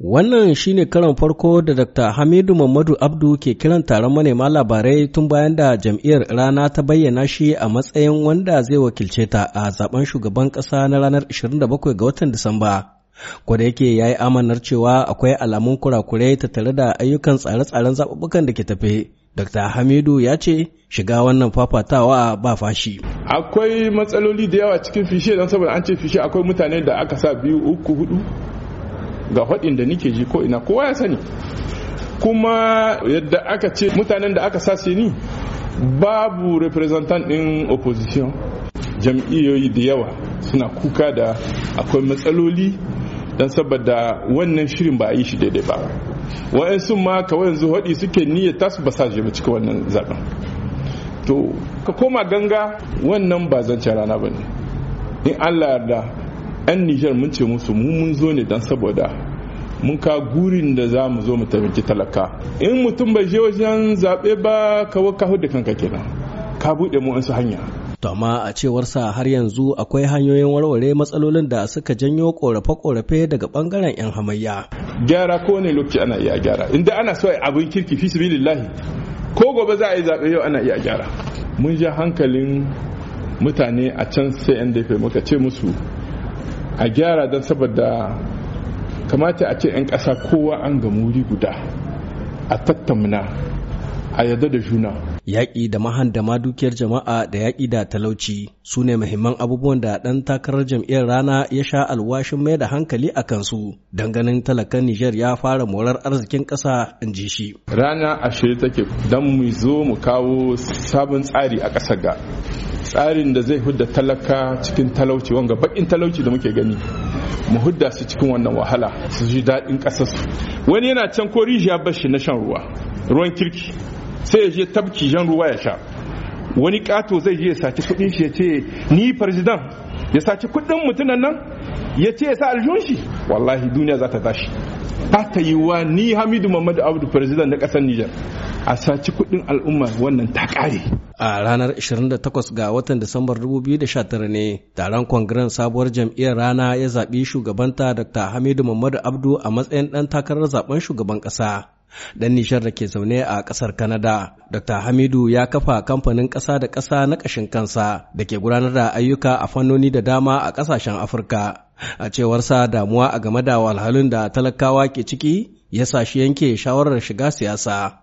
Wannan shi ne karon farko da Dr. Hamidu Mamadu Abdu ke kiran taron manema labarai tun bayan da jam'iyyar rana ta bayyana shi a matsayin wanda zai wakilce ta a zaben shugaban ƙasa na ranar 27 ga watan Disamba. Kwada yake ya yi amanar cewa akwai alamun kurakurai ta tare da ayyukan tsare-tsaren zaɓuɓɓukan da ke tafe. Dr. Hamidu ya ce shiga wannan fafatawa ba fashi. Akwai matsaloli da yawa cikin fishe don saboda an ce fishe akwai mutane da aka sa biyu uku hudu ga faɗin da nike ji ko ina kowa ya sani kuma yadda aka ce mutanen da aka sase ni babu representant ɗin opposition jam'iyyoyi da yawa suna kuka da akwai matsaloli don saboda wannan shirin ba a yi shi daidai ba sun ma kawai yanzu haɗi suke niyyar tasu ba sa ba cika wannan zaɓen to ka koma ganga wannan ba zancen rana ba ne in allah yarda 'yan nijar mun ce musu mu mun zo ne don saboda mun ka gurin da za mu zo mu tafi talaka in mutum bai je wajen zaɓe ba kawo ka da kanka kenan ka buɗe mu su hanya to amma a cewarsa har yanzu akwai hanyoyin warware matsalolin da suka janyo korafe-korafe daga bangaren 'yan hamayya gyara ko ne lokaci ana iya gyara inda ana so abin kirki fi sabilillahi ko gobe za a yi zaɓe yau ana iya gyara mun ja hankalin mutane a can sai 'yan dafe muka ce musu a gyara don saboda kamata a ce 'yan ƙasa kowa an gamu wuri guda a tattamna a yadda da juna yaƙi da mahandama dukiyar jama'a da yaƙi da talauci su ne muhimman abubuwan da ɗan takarar jam'iyyar rana ya sha alwashin mai da hankali a kansu don ganin talakan Nijar ya fara morar arzikin ƙasa in ji shi. Rana ashirin take don mu zo mu kawo sabon tsari a ƙasar ga tsarin da zai hudda talaka cikin talauci wanga bakin talauci da muke gani mu hudda su cikin wannan wahala su ji daɗin su wani yana can ko rijiya bashi na shan ruwa ruwan kirki sai ya je tabki jan ruwa ya sha wani ƙato zai je ya saci kuɗin shi ya ce ni farzidan ya saci kuɗin mutunan nan ya ce ya sa aljihun shi wallahi duniya za ta tashi ta ta yi ni hamidu Muhammadu abdu farzidan na ƙasar nijar a saci kuɗin al'umma wannan ta ƙare. a ranar 28 ga watan disambar 2019 ne taron kongren sabuwar jam'iyyar rana ya zaɓi shugabanta dr hamidu muhammadu abdu a matsayin ɗan takarar zaben shugaban ƙasa dan nishar da ke zaune a ƙasar Kanada. Dr. Hamidu ya kafa kamfanin ƙasa da ƙasa na ƙashin kansa da ke gudanar da ayyuka a fannoni da dama a ƙasashen Afirka. A cewarsa damuwa a game da walhalun da talakawa ke ciki ya sa shi yanke shawarar shiga siyasa.